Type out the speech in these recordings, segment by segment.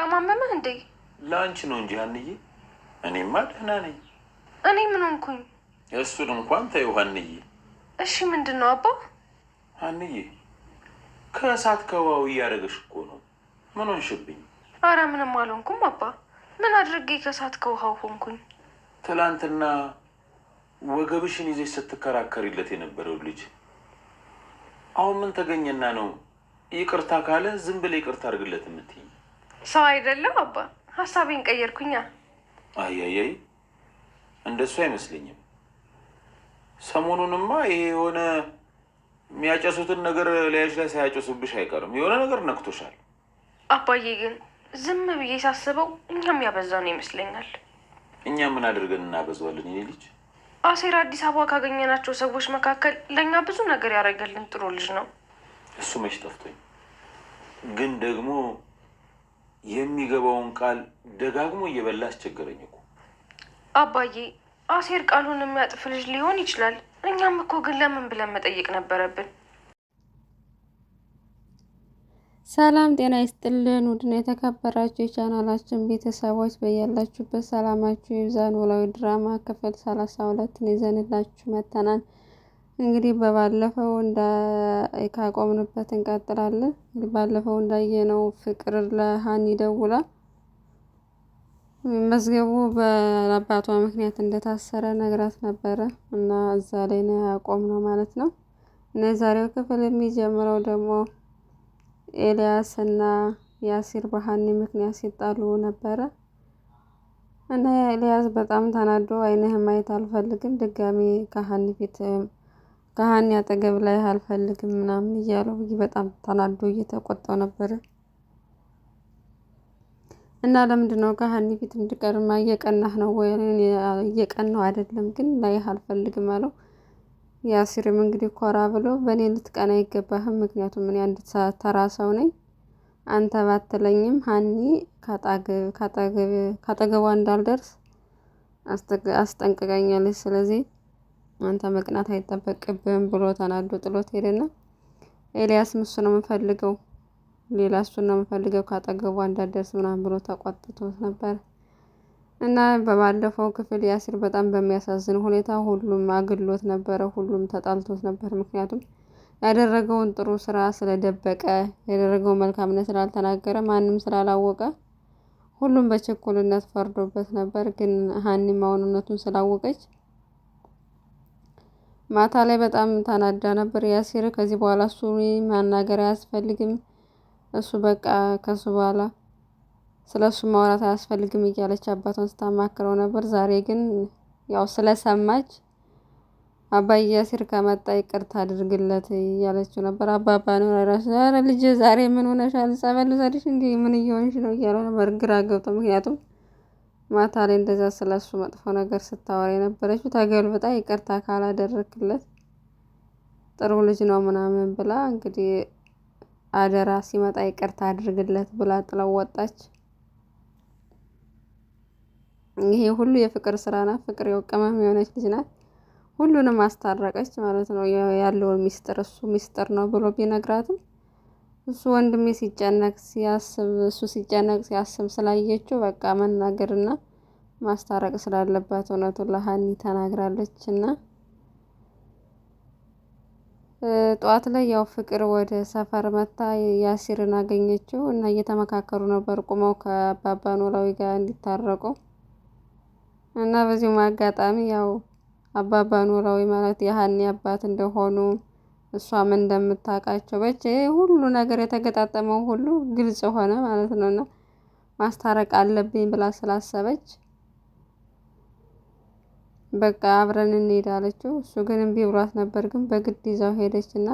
በጣም አመመህ እንዴ? ለአንቺ ነው እንጂ አንዬ፣ እኔማ ደህና ነኝ። እኔ ምን ሆንኩኝ? እሱን እንኳን ተይው ሀንዬ። እሺ ምንድን ነው አባ? አንዬ ከእሳት ከዋው እያደረገሽ እኮ ነው። ምን ሆንሽብኝ? አረ ምንም አልሆንኩም አባ። ምን አድርጌ ከእሳት ከውሃው ሆንኩኝ? ትላንትና ወገብሽን ይዘሽ ስትከራከሪለት የነበረው ልጅ አሁን ምን ተገኘና ነው ይቅርታ ካለ ዝም ብለ ይቅርታ አድርግለት የምትይኝ? ሰው አይደለም አባ። ሀሳቤን ቀየርኩኛ። አያያይ እንደሱ አይመስለኝም። ሰሞኑንማ ይሄ የሆነ የሚያጨሱትን ነገር ላያች ላይ ሳያጨሱብሽ አይቀርም። የሆነ ነገር ነክቶሻል። አባዬ ግን ዝም ብዬ ሳስበው እኛም ያበዛው ነው ይመስለኛል። እኛ ምን አድርገን እናበዛዋለን? ይሄ ልጅ አሴር አዲስ አበባ ካገኘናቸው ሰዎች መካከል ለእኛ ብዙ ነገር ያደረገልን ጥሩ ልጅ ነው። እሱ መች ጠፍቶኝ ግን ደግሞ የሚገባውን ቃል ደጋግሞ እየበላ አስቸገረኝ እኮ አባዬ። አሴር ቃሉን የሚያጥፍ ልጅ ሊሆን ይችላል። እኛም እኮ ግን ለምን ብለን መጠየቅ ነበረብን። ሰላም ጤና ይስጥልን። ውድን የተከበራችሁ የቻናላችን ቤተሰቦች በያላችሁበት ሰላማችሁ ይብዛ። ኖላዊ ድራማ ክፍል ሰላሳ ሁለትን ይዘንላችሁ መተናል። እንግዲህ በባለፈው እንዳ ካቆምንበት እንቀጥላለን። እንግዲህ ባለፈው እንዳየነው ፍቅር ለሀኒ ደውላ መዝገቡ በአባቷ ምክንያት እንደታሰረ ነግራት ነበረ እና እዛ ላይ ነው ያቆምነው ማለት ነው። እና የዛሬው ክፍል የሚጀምረው ደግሞ ኤልያስ እና ያሲር በሀኒ ምክንያት ሲጣሉ ነበረ እና ኤልያስ በጣም ተናዶ አይነህ ማየት አልፈልግም፣ ድጋሚ ከሀኒ ፊት ከሀኒ አጠገብ ላይ አልፈልግም ምናምን እያለው በጣም ተናዶ እየተቆጣው ነበረ። እና ለምንድን ነው ከሀኒ ፊት እንድቀርማ እየቀናህ ነው ወይ? እየቀናው አይደለም ግን ላይ አልፈልግም አለው። ያሲርም እንግዲህ ኮራ ብሎ በእኔ ልትቀና አይገባህም፣ ምክንያቱም እኔ አንድ ተራ ሰው ነኝ። አንተ ባትለኝም ሀኒ ካጠገቧ እንዳልደርስ አስጠንቅቀኛለች። ስለዚህ አንተ መቅናት አይጠበቅብህም ብሎ ተናዶ ጥሎት ሄደና ኤልያስም እሱ ነው የምፈልገው ሌላ እሱን ነው የምፈልገው ካጠገቡ እንዳደርስ ምናምን ብሎ ተቆጥቶት ነበር። እና በባለፈው ክፍል ያሲር በጣም በሚያሳዝን ሁኔታ ሁሉም አግሎት ነበረ፣ ሁሉም ተጣልቶት ነበር። ምክንያቱም ያደረገውን ጥሩ ስራ ስለደበቀ፣ ያደረገውን መልካምነት ስላልተናገረ፣ ማንም ስላላወቀ ሁሉም በችኩልነት ፈርዶበት ነበር። ግን ሀኒም አሁን እውነቱን ስላወቀች ማታ ላይ በጣም ተናዳ ነበር ያሲር ከዚህ በኋላ እሱ ማናገር አያስፈልግም እሱ በቃ ከሱ በኋላ ስለ እሱ ማውራት አያስፈልግም እያለች አባቷን ስታማክረው ነበር። ዛሬ ግን ያው ስለሰማች አባዬ ያሲር ከመጣ ይቅርታ አድርግለት እያለችው ነበር። አባባ ነው ራሱ ልጅ ዛሬ ምን ሆነሻል? ጸበል ሰድሽ እንዲ ምን እየሆንሽ ነው እያለው ነበር ግራ ገብቶ ምክንያቱም ማታ ላይ እንደዛ ስለሱ መጥፎ ነገር ስታወራ የነበረችው ተገልብጣ ይቅርታ ካላደረክለት ጥሩ ልጅ ነው ምናምን ብላ እንግዲህ አደራ ሲመጣ ይቅርታ አድርግለት ብላ ጥለው ወጣች። ይሄ ሁሉ የፍቅር ስራ ናት። ፍቅር የውቅመም የሆነች ልጅ ናት። ሁሉንም አስታረቀች ማለት ነው። ያለውን ሚስጥር እሱ ሚስጥር ነው ብሎ ቢነግራትም እሱ ወንድሜ ሲጨነቅ ሲያስብ እሱ ሲጨነቅ ሲያስብ ስላየችው በቃ መናገርና ማስታረቅ ስላለባት እውነቱን ለሀኒ ተናግራለች እና ጠዋት ላይ ያው ፍቅር ወደ ሰፈር መታ ያሲርን አገኘችው እና እየተመካከሩ ነበር ቁመው ከአባባ ኖላዊ ጋር እንዲታረቁ እና በዚሁም አጋጣሚ ያው አባባ ኖላዊ ማለት የሀኒ አባት እንደሆኑ እሷም እንደምታውቃቸው በቼ ሁሉ ነገር የተገጣጠመው ሁሉ ግልጽ ሆነ ማለት ነው። እና ማስታረቅ አለብኝ ብላ ስላሰበች በቃ አብረን እንሄድ አለችው። እሱ ግን እምቢ ብሏት ነበር፣ ግን በግድ ይዛው ሄደች እና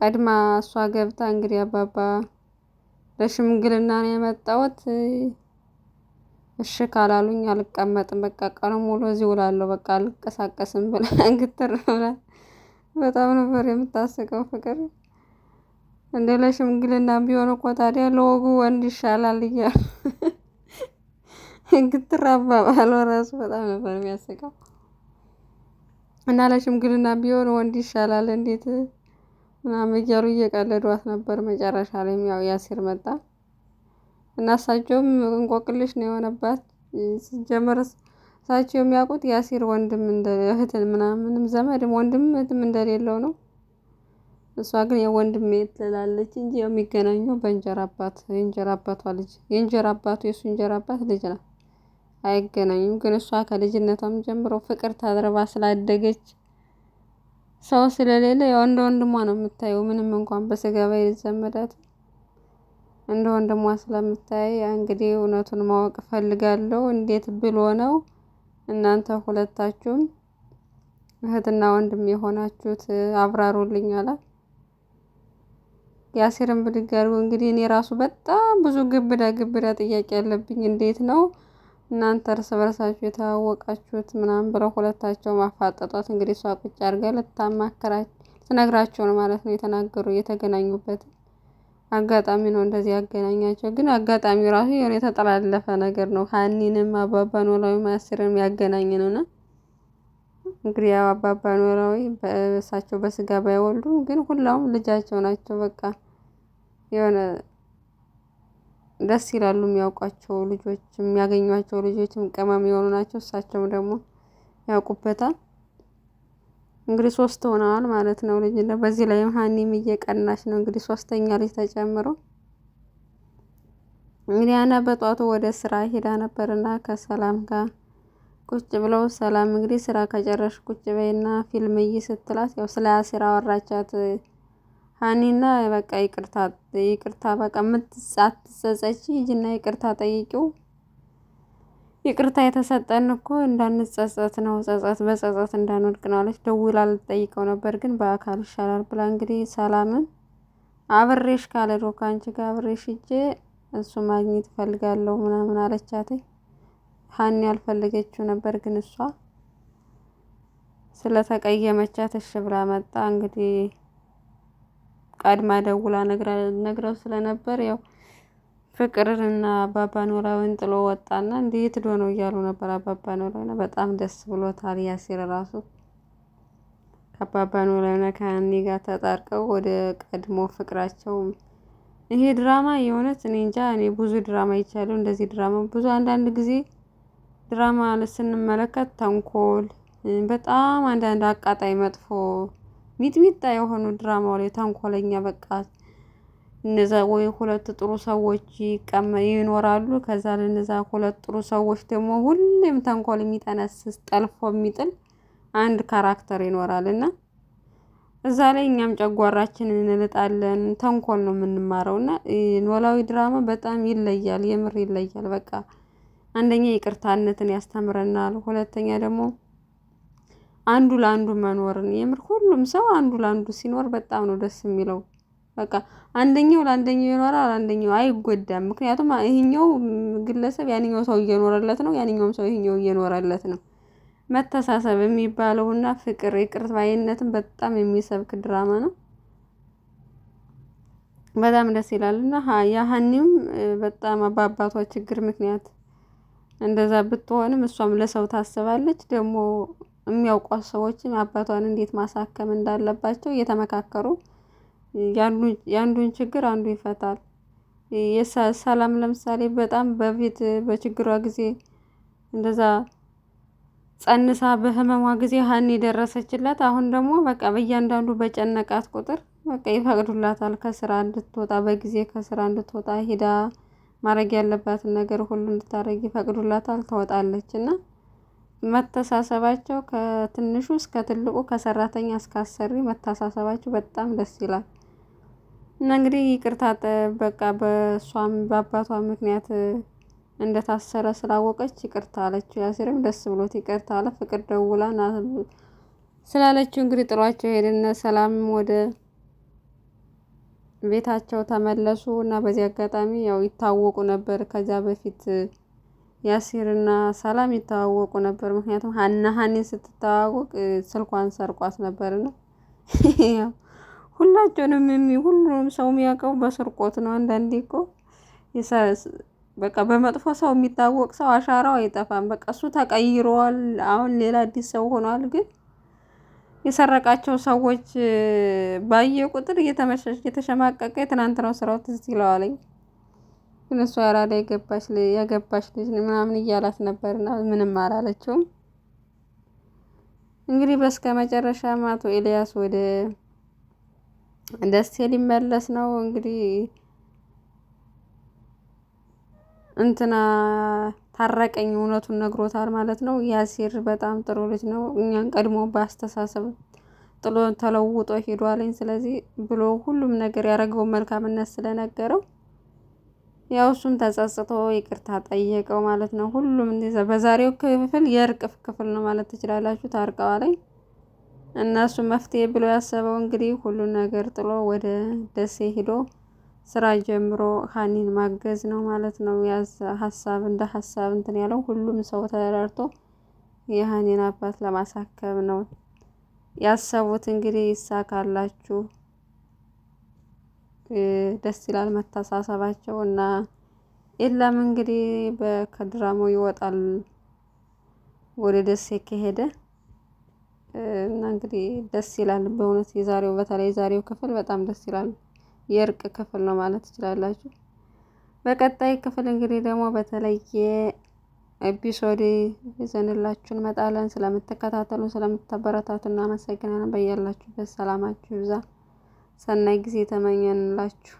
ቀድማ እሷ ገብታ እንግዲህ አባባ ለሽምግልና ነው የመጣሁት፣ እሺ ካላሉኝ አልቀመጥም፣ በቃ ቀኑ ሙሉ እዚህ ውላለሁ፣ በቃ አልቀሳቀስም ብላ ግትር ብላ በጣም ነበር የምታስቀው ፍቅር። እንደ ለሽምግልና ቢሆን እኮ ታዲያ ለወጉ ወንድ ይሻላል እያል ግትራባ አባባል ራሱ በጣም ነበር የሚያስቀው። እና ለሽምግልና ቢሆን ወንድ ይሻላል እንዴት ምናምን እያሉ እየቀለዷት ነበር። መጨረሻ ላይ ያው ያሲር መጣ እና እሳቸውም እንቆቅልሽ ነው የሆነባት ሲጀመርስ እሳቸው የሚያውቁት የአሲር ወንድም እንደ እህት ምናምንም ዘመድም ወንድም እህትም እንደሌለው ነው። እሷ ግን የወንድም ትላለች እንጂ የሚገናኘው በእንጀራ አባት የእንጀራ አባቷ ልጅ የእንጀራ አባቱ የእሱ እንጀራ አባት ልጅ ነው። አይገናኙም። ግን እሷ ከልጅነቷም ጀምሮ ፍቅር ተደርባ ስላደገች ሰው ስለሌለ ያው እንደ ወንድሟ ነው የምታየው። ምንም እንኳን በስጋባ የዘመዳት እንደ ወንድሟ ስለምታይ እንግዲህ እውነቱን ማወቅ እፈልጋለሁ። እንዴት ብሎ ነው እናንተ ሁለታችሁም እህትና ወንድም የሆናችሁት አብራሩልኝ አላት። የአሴርን ብድግ አድርጎ እንግዲህ እኔ ራሱ በጣም ብዙ ግብዳ ግብዳ ጥያቄ ያለብኝ እንዴት ነው እናንተ እርስ በርሳችሁ የተዋወቃችሁት ምናምን ብለው ሁለታቸው ማፋጠጧት እንግዲህ እሷ ቁጭ አድርጋ ልታማከራች ትነግራቸው ነው ማለት ነው የተናገሩ የተገናኙበት አጋጣሚ ነው እንደዚህ ያገናኛቸው ግን አጋጣሚው ራሱ የሆነ የተጠላለፈ ነገር ነው። ሀኒንም አባባ ኖላዊ ማያስርንም ያገናኝ ነው እና እንግዲህ ያው አባባ ኖላዊ በእሳቸው በስጋ ባይወልዱም ግን ሁላውም ልጃቸው ናቸው። በቃ የሆነ ደስ ይላሉ። የሚያውቋቸው ልጆች የሚያገኟቸው ልጆችም ቀማሚ የሆኑ ናቸው። እሳቸውም ደግሞ ያውቁበታል። እንግዲህ ሶስት ሆነዋል ማለት ነው። ልጅ በዚህ ላይም ሀኒም እየቀናች ነው እንግዲህ ሶስተኛ ልጅ ተጨምሮ እንግዲህ አና በጧቱ ወደ ስራ ሄዳ ነበርና ከሰላም ጋር ቁጭ ብለው ሰላም እንግዲህ ስራ ከጨረሽ ቁጭ በይና ፊልም እይ ስትላት ያው ስለ አሲር አወራቻት ሀኒና በቃ ይቅርታ ይቅርታ በቃ ምትጻት ትጸጸች ይጅና ይቅርታ ጠይቂው ይቅርታ የተሰጠን እኮ እንዳንጸጸት ነው፣ ጸጸት በጸጸት እንዳንወድቅ ነው አለች። ደውላ ልጠይቀው ነበር ግን በአካል ይሻላል ብላ እንግዲህ ሰላምን አብሬሽ ካለዶ ከአንቺ ጋር አብሬሽ እጄ እሱ ማግኘት እፈልጋለሁ ምናምን አለቻት። ሀኒ ያልፈለገችው ነበር ግን እሷ ስለተቀየመቻት እሺ ብላ መጣ። እንግዲህ ቀድማ ደውላ ነግረው ስለነበር ያው ፍቅርንና አባባ ኖላዊን ጥሎ ወጣና እንዴት ዶ ነው እያሉ ነበር። አባባ ኖላዊና በጣም ደስ ብሎታል። ያሲር ራሱ ከአባባ ኖላዊና ከአኒ ጋር ተጣርቀው ወደ ቀድሞ ፍቅራቸው። ይሄ ድራማ የሆነት እኔ እንጃ። እኔ ብዙ ድራማ ይቻለሁ እንደዚህ ድራማ ብዙ አንዳንድ ጊዜ ድራማ ስንመለከት ተንኮል በጣም አንዳንድ አቃጣይ መጥፎ ሚጥሚጣ የሆኑ ድራማው ላይ ተንኮለኛ በቃ እነዛ ወይ ሁለት ጥሩ ሰዎች ይኖራሉ። ከዛ ለነዛ ሁለት ጥሩ ሰዎች ደግሞ ሁሌም ተንኮል የሚጠነስስ ጠልፎ የሚጥል አንድ ካራክተር ይኖራል እና እዛ ላይ እኛም ጨጓራችንን እንልጣለን። ተንኮል ነው የምንማረው እና ኖላዊ ድራማ በጣም ይለያል፣ የምር ይለያል። በቃ አንደኛ ይቅርታነትን ያስተምረናል፣ ሁለተኛ ደግሞ አንዱ ለአንዱ መኖርን። የምር ሁሉም ሰው አንዱ ለአንዱ ሲኖር በጣም ነው ደስ የሚለው። በቃ አንደኛው ለአንደኛው ይኖራል፣ አንደኛው አይጎዳም። ምክንያቱም ይሄኛው ግለሰብ ያንኛው ሰው እየኖረለት ነው፣ ያንኛውም ሰው ይሄኛው እየኖረለት ነው። መተሳሰብ የሚባለውና ፍቅር ይቅር ባይነትን በጣም የሚሰብክ ድራማ ነው። በጣም ደስ ይላል እና የሀኒም በጣም በአባቷ ችግር ምክንያት እንደዛ ብትሆንም እሷም ለሰው ታስባለች። ደግሞ የሚያውቋት ሰዎችም አባቷን እንዴት ማሳከም እንዳለባቸው እየተመካከሩ የአንዱን ችግር አንዱ ይፈታል። ሰላም ለምሳሌ በጣም በፊት በችግሯ ጊዜ እንደዛ ጸንሳ በህመሟ ጊዜ ሀኒ የደረሰችላት፣ አሁን ደግሞ በቃ በእያንዳንዱ በጨነቃት ቁጥር በቃ ይፈቅዱላታል ከስራ እንድትወጣ በጊዜ ከስራ እንድትወጣ ሂዳ ማድረግ ያለባትን ነገር ሁሉ እንድታደረግ ይፈቅዱላታል። ትወጣለች እና መተሳሰባቸው ከትንሹ እስከ ትልቁ ከሰራተኛ እስከ አሰሪ መተሳሰባቸው በጣም ደስ ይላል። እና እንግዲህ ይቅርታ በቃ በእሷም በአባቷ ምክንያት እንደታሰረ ስላወቀች ይቅርታ አለችው። ያሲርም ደስ ብሎት ይቅርታ አለ። ፍቅር ደውላ ና ስላለችው እንግዲህ ጥሯቸው ሄድነ። ሰላም ወደ ቤታቸው ተመለሱ እና በዚህ አጋጣሚ ያው ይታወቁ ነበር። ከዚያ በፊት ያሲርና ሰላም ይተዋወቁ ነበር። ምክንያቱም ሀና ሀኒን ስትተዋወቅ ስልኳን ሰርቋት ነበርና ሁላቸውንም የሚ ሁሉንም ሰው የሚያውቀው በስርቆት ነው። አንዳንዴ እኮ በቃ በመጥፎ ሰው የሚታወቅ ሰው አሻራው አይጠፋም። በቃ እሱ ተቀይሯል፣ አሁን ሌላ አዲስ ሰው ሆኗል። ግን የሰረቃቸው ሰዎች ባየ ቁጥር እየተሸማቀቀ የትናንትናው ስራው ትዝ ይለዋለኝ። ግን እሷ ያራዳ ያገባሽ ልጅ ምናምን እያላት ነበርና ምንም አላለችውም። እንግዲህ በስከ መጨረሻም አቶ ኤልያስ ወደ ደሴ ሊመለስ ነው እንግዲህ እንትና ታረቀኝ እውነቱን ነግሮታል ማለት ነው። ያሲር በጣም ጥሩ ልጅ ነው። እኛን ቀድሞ በአስተሳሰብ ጥሎ ተለውጦ ሄዷለኝ። ስለዚህ ብሎ ሁሉም ነገር ያደረገው መልካምነት ስለነገረው ያው እሱም ተጸጽቶ ይቅርታ ጠየቀው ማለት ነው። ሁሉም በዛሬው ክፍል የእርቅ ክፍል ነው ማለት ትችላላችሁ። ታርቀዋለኝ። እናሱ መፍትሄ ብሎ ያሰበው እንግዲህ ሁሉን ነገር ጥሎ ወደ ደሴ ሂዶ ስራ ጀምሮ ሀኒን ማገዝ ነው ማለት ነው። ያዝ ሀሳብ እንደ ሀሳብ እንትን ያለው ሁሉም ሰው ተረድቶ የሀኒን አባት ለማሳከብ ነው ያሰቡት። እንግዲህ ይሳካላችሁ፣ ደስ ይላል መተሳሰባቸው እና ኤላም እንግዲህ በከድራሞ ይወጣል ወደ ደሴ ከሄደ እና እንግዲህ ደስ ይላል በእውነት የዛሬው በተለይ የዛሬው ክፍል በጣም ደስ ይላል። የእርቅ ክፍል ነው ማለት ትችላላችሁ። በቀጣይ ክፍል እንግዲህ ደግሞ በተለየ ኤፒሶድ ይዘንላችሁ እንመጣለን። ስለምትከታተሉ ስለምታበረታቱ እናመሰግናለን። በያላችሁበት ሰላማችሁ ይብዛ። ሰናይ ጊዜ ተመኘንላችሁ።